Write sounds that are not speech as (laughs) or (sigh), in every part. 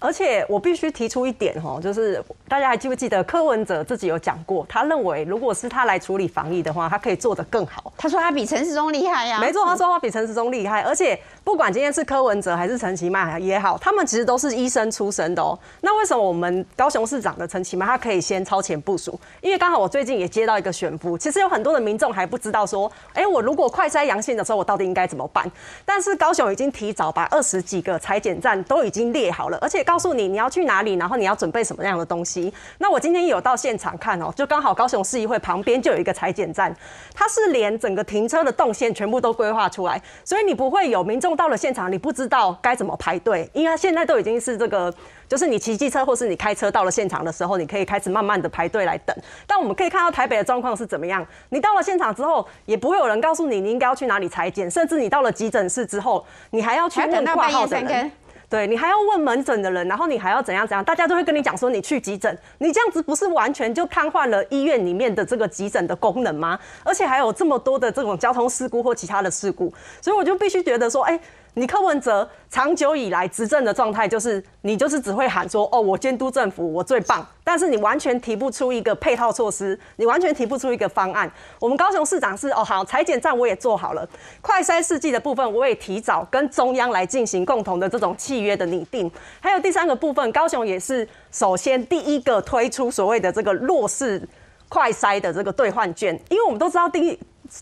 而且我必須提出一點吼，就是大家還記不記得柯文哲自己有講過，他認為如果是他來處理防疫的話，他可以做得更好。他說他比陳時中厲害呀、啊。沒錯，他說他比陳時中厲害。而且不管今天是柯文哲還是陳其邁也好，他們其實都是醫生出身的哦。那為什麼我們高雄市長的陳其邁他可以先超前部署？因為剛好我最近也接到一個選夫，其實有很多的民眾還不知道說，哎，我如果快篩陽性的時候，我到底應該怎麼辦？但是高雄已經提早把二十幾個採檢站都已經列好了，而且。告訴你，你要去哪裡，然後你要準備什麼樣的東西。那我今天有到現場看哦、喔，就剛好高雄市議會旁邊就有一個採檢站，它，是連整個停車的動線全部都規劃出來，所以你不會有民眾到了現場，你不知道該怎麼排隊。因為現在都已經是這個，就是你騎機車或是你開車到了現場的時候，你可以開始慢慢的排隊來等。但我們可以看到台北的狀況是怎麼樣？你到了現場之後，也不會有人告訴你，你應該要去哪裡採檢，甚至你到了急診室之後，你還要去問掛號的人。對，你還要問門診的人，然後你還要怎樣怎樣，大家都會跟你講說你去急診，你這樣子不是完全就癱瘓了醫院裡面的這個急診的功能嗎？而且還有這麼多的這種交通事故或其他的事故，所以我就必須覺得說，哎、欸。你柯文哲長久以來執政的狀態就是，你就是只會喊說，哦，我監督政府，我最棒，但是你完全提不出一個配套措施，你完全提不出一個方案。我們高雄市長是，哦，好，採檢站我也做好了，快篩試劑的部分我也提早跟中央來進行共同的這種契約的擬定。還有第三個部分，高雄也是首先第一個推出所謂的這個弱勢快篩的這個兌換券，因為我們都知道定義。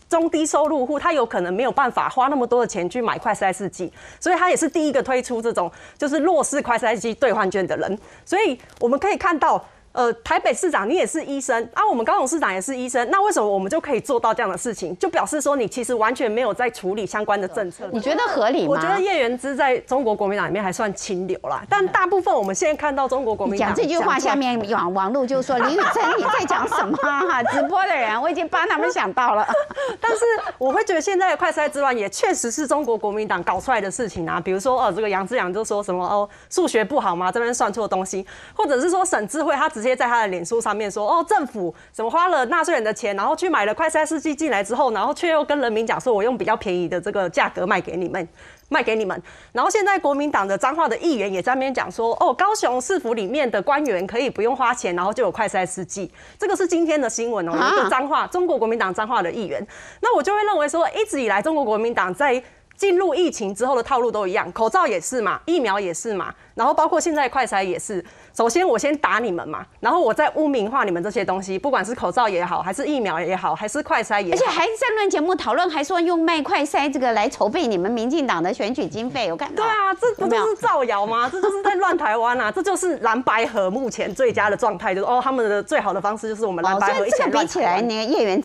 中低收入戶他有可能沒有辦法花那麼多的錢去買快篩試劑，所以他也是第一個推出這種就是弱勢快篩試劑兌換券的人，所以我們可以看到。呃，台北市長你也是醫生啊，我們高雄市長也是醫生，那為什麼我們就可以做到這樣的事情？就表示說你其實完全沒有在處理相關的政策，你覺得合理嗎？我覺得葉元之在中國國民黨裡面還算清流啦。但大部分我們現在看到中國國民黨講這句話，下面網網絡就說李雨蓁你在講什麼？啊？哈，直播的人我已經幫他們想到了， (laughs) 但是。我會覺得現在快篩之亂也確實是中國國民黨搞出來的事情啊，比如說哦，這個楊志揚就說什麼哦，數學不好嘛，這邊算錯東西，或者是說沈智慧他直接在他的臉書上面說哦，政府怎麼花了納稅人的錢，然後去買了快篩試劑進來之後，然後卻又跟人民講說，我用比較便宜的這個價格賣給你們，賣給你們，然後現在國民黨的彰化的議員也在那邊講說哦，高雄市府裡面的官員可以不用花錢，然後就有快篩試劑，這個是今天的新聞哦，一個彰化，中國國民黨彰化的議員，那我就會認。我說，一直以來，中國國民黨在進入疫情之後的套路都一樣，口罩也是嘛，疫苗也是嘛，然後包括現在快篩也是。首先我先打你們嘛，然後我再污名化你們這些東西，不管是口罩也好，還是疫苗也好，還是快篩也好。而且還在論節目討論，還說用賣快篩這個來籌備你們民進黨的選舉經費，我看，哦。對啊，這不就是造謠嗎？ (laughs) 這就是在亂台灣啊！這就是藍白合目前最佳的狀態，就是哦，他們的最好的方式就是我們藍白合一起亂台灣，哦、這個比起來呢，葉